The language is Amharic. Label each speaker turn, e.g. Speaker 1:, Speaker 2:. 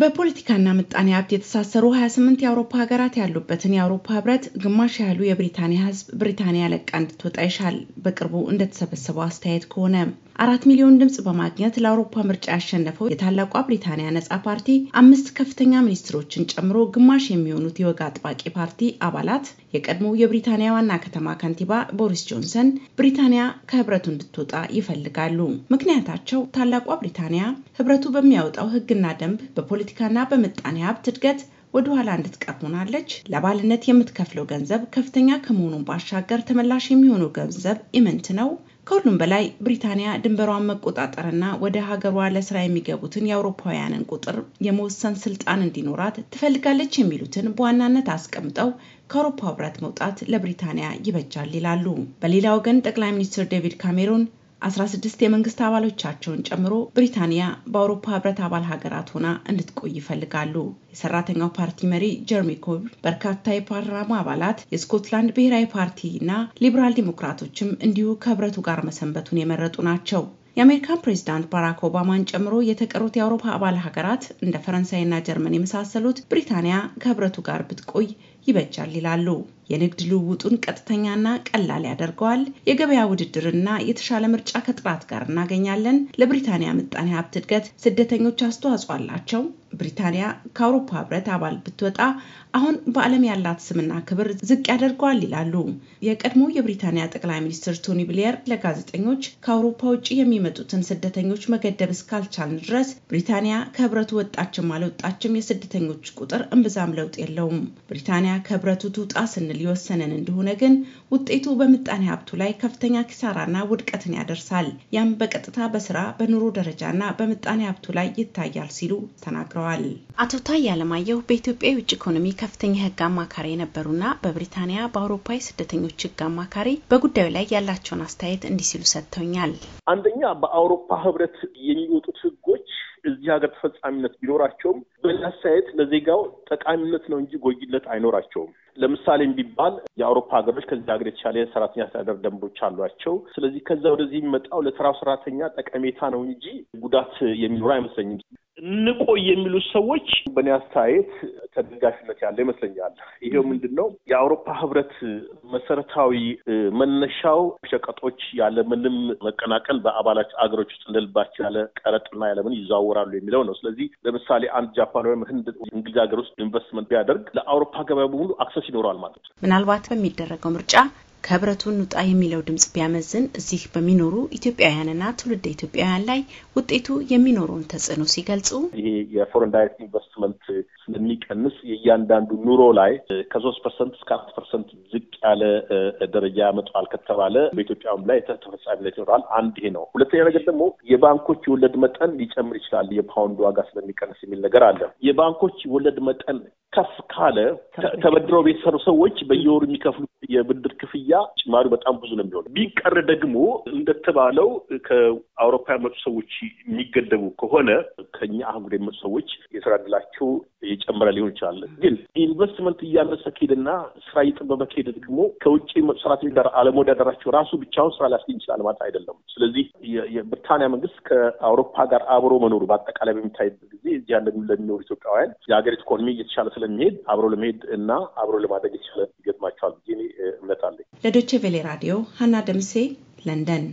Speaker 1: በፖለቲካና ምጣኔ ሀብት የተሳሰሩ 28 የአውሮፓ ሀገራት ያሉበትን የአውሮፓ ህብረት ግማሽ ያህሉ የብሪታንያ ህዝብ ብሪታንያ ለቃ እንድትወጣ ይሻል። በቅርቡ እንደተሰበሰበው አስተያየት ከሆነ አራት ሚሊዮን ድምፅ በማግኘት ለአውሮፓ ምርጫ ያሸነፈው የታላቋ ብሪታንያ ነጻ ፓርቲ አምስት ከፍተኛ ሚኒስትሮችን ጨምሮ ግማሽ የሚሆኑት የወግ አጥባቂ ፓርቲ አባላት የቀድሞ የብሪታንያ ዋና ከተማ ከንቲባ ቦሪስ ጆንሰን ብሪታንያ ከህብረቱ እንድትወጣ ይፈልጋሉ። ምክንያታቸው ታላቋ ብሪታንያ ህብረቱ በሚያወጣው ህግና ደንብ በፖለቲካና በምጣኔ ሀብት እድገት ወደ ኋላ እንድትቀር ሆናለች። ለባልነት የምትከፍለው ገንዘብ ከፍተኛ ከመሆኑን ባሻገር ተመላሽ የሚሆነው ገንዘብ ኢምንት ነው። ከሁሉም በላይ ብሪታንያ ድንበሯን መቆጣጠርና ወደ ሀገሯ ለስራ የሚገቡትን የአውሮፓውያንን ቁጥር የመወሰን ስልጣን እንዲኖራት ትፈልጋለች የሚሉትን በዋናነት አስቀምጠው ከአውሮፓ ህብረት መውጣት ለብሪታንያ ይበጃል ይላሉ። በሌላ ወገን ጠቅላይ ሚኒስትር ዴቪድ ካሜሮን 16 የመንግስት አባሎቻቸውን ጨምሮ ብሪታንያ በአውሮፓ ህብረት አባል ሀገራት ሆና እንድትቆይ ይፈልጋሉ። የሰራተኛው ፓርቲ መሪ ጀርሚ ኮርብ፣ በርካታ የፓርላማ አባላት፣ የስኮትላንድ ብሔራዊ ፓርቲ እና ሊበራል ዲሞክራቶችም እንዲሁ ከህብረቱ ጋር መሰንበቱን የመረጡ ናቸው። የአሜሪካ ፕሬዚዳንት ባራክ ኦባማን ጨምሮ የተቀሩት የአውሮፓ አባል ሀገራት እንደ ፈረንሳይና ጀርመን የመሳሰሉት ብሪታንያ ከህብረቱ ጋር ብትቆይ ይበጃል ይላሉ። የንግድ ልውውጡን ቀጥተኛና ቀላል ያደርገዋል፣ የገበያ ውድድርና የተሻለ ምርጫ ከጥራት ጋር እናገኛለን፣ ለብሪታንያ ምጣኔ ሀብት እድገት ስደተኞች አስተዋጽኦ አላቸው ብሪታንያ ከአውሮፓ ህብረት አባል ብትወጣ አሁን በዓለም ያላት ስምና ክብር ዝቅ ያደርገዋል ይላሉ የቀድሞ የብሪታንያ ጠቅላይ ሚኒስትር ቶኒ ብሌየር ለጋዜጠኞች ከአውሮፓ ውጭ የሚመጡትን ስደተኞች መገደብ እስካልቻልን ድረስ ብሪታንያ ከህብረቱ ወጣችም አልወጣችም የስደተኞች ቁጥር እምብዛም ለውጥ የለውም። ብሪታንያ ከህብረቱ ትውጣ ስንል የወሰነን እንደሆነ ግን ውጤቱ በምጣኔ ሀብቱ ላይ ከፍተኛ ኪሳራና ውድቀትን ያደርሳል። ያም በቀጥታ በስራ በኑሮ ደረጃና በምጣኔ ሀብቱ ላይ ይታያል ሲሉ ተናግረዋል። ተናግረዋል። አቶ ታዬ አለማየሁ በኢትዮጵያ የውጭ ኢኮኖሚ ከፍተኛ የህግ አማካሪ የነበሩና በብሪታንያ በአውሮፓ የስደተኞች ህግ አማካሪ በጉዳዩ ላይ ያላቸውን አስተያየት እንዲህ ሲሉ ሰጥተውኛል።
Speaker 2: አንደኛ በአውሮፓ ህብረት የሚወጡት ህጎች እዚህ ሀገር ተፈጻሚነት ቢኖራቸውም በእኔ አስተያየት ለዜጋው ጠቃሚነት ነው እንጂ ጎይነት አይኖራቸውም። ለምሳሌም ቢባል የአውሮፓ ሀገሮች ከዚህ ሀገር የተሻለ ሰራተኛ አስተዳደር ደንቦች አሏቸው። ስለዚህ ከዛ ወደዚህ የሚመጣው ለስራው ሰራተኛ ጠቀሜታ ነው እንጂ ጉዳት የሚኖር አይመስለኝም። እንቆይ የሚሉት ሰዎች በእኔ አስተያየት ተደጋፊነት ያለ ይመስለኛል። ይሄው ምንድን ነው የአውሮፓ ህብረት መሰረታዊ መነሻው ሸቀጦች ያለምንም መቀናቀን በአባላች አገሮች ውስጥ እንደልባቸው ያለ ቀረጥና ያለምን ይዘዋወራሉ የሚለው ነው። ስለዚህ ለምሳሌ አንድ ጃፓን ወይም ህንድ፣ እንግሊዝ ሀገር ውስጥ ኢንቨስትመንት ቢያደርግ ለአውሮፓ ገበያ በሙሉ አክሰስ ይኖረዋል ማለት
Speaker 1: ነው። ምናልባት በሚደረገው ምርጫ ከህብረቱ እንውጣ የሚለው ድምጽ ቢያመዝን እዚህ በሚኖሩ ኢትዮጵያውያንና ትውልደ ኢትዮጵያውያን ላይ ውጤቱ የሚኖረውን ተጽዕኖ ሲገልጹ
Speaker 2: ይሄ የፎረን ዳይሬክት የሚቀንስ የእያንዳንዱ ኑሮ ላይ ከሶስት ፐርሰንት እስከ አራት ፐርሰንት ዝቅ ያለ ደረጃ ያመጣዋል ከተባለ በኢትዮጵያም ላይ ተፈጻሚነት ይኖራል። አንድ ይሄ ነው። ሁለተኛ ነገር ደግሞ የባንኮች የወለድ መጠን ሊጨምር ይችላል የፓውንድ ዋጋ ስለሚቀንስ የሚል ነገር አለ። የባንኮች ወለድ መጠን ከፍ ካለ ተበድረው ቤተሰሩ ሰዎች በየወሩ የሚከፍሉ የብድር ክፍያ ጭማሪ በጣም ብዙ ነው የሚሆነው። ቢቀር ደግሞ እንደተባለው ከአውሮፓ የመጡ ሰዎች የሚገደቡ ከሆነ ከኛ አህጉር የመጡ ሰዎች የስራ ዕድላቸው እየጨመረ ሊሆን ይችላል። ግን ኢንቨስትመንት እያነሰ ከሄደና ስራ እየጠበበ ከሄደ ደግሞ ከውጭ ሰራተኞች ጋር አለመወዳደራቸው ራሱ ብቻውን ስራ ሊያስገኝ ይችላል ማለት አይደለም። ስለዚህ የብሪታንያ መንግስት ከአውሮፓ ጋር አብሮ መኖሩ በአጠቃላይ በሚታይበት ጊዜ እዚህ ያለ ለሚኖሩ ኢትዮጵያውያን የሀገሪቱ ኢኮኖሚ እየተሻለ ስለሚሄድ አብሮ ለመሄድ እና አብሮ ለማድረግ የተሻለ ይገጥማቸዋል ብዬ እምነት አለኝ።
Speaker 1: ለዶቼ ቬሌ ራዲዮ ሀና ደምሴ ለንደን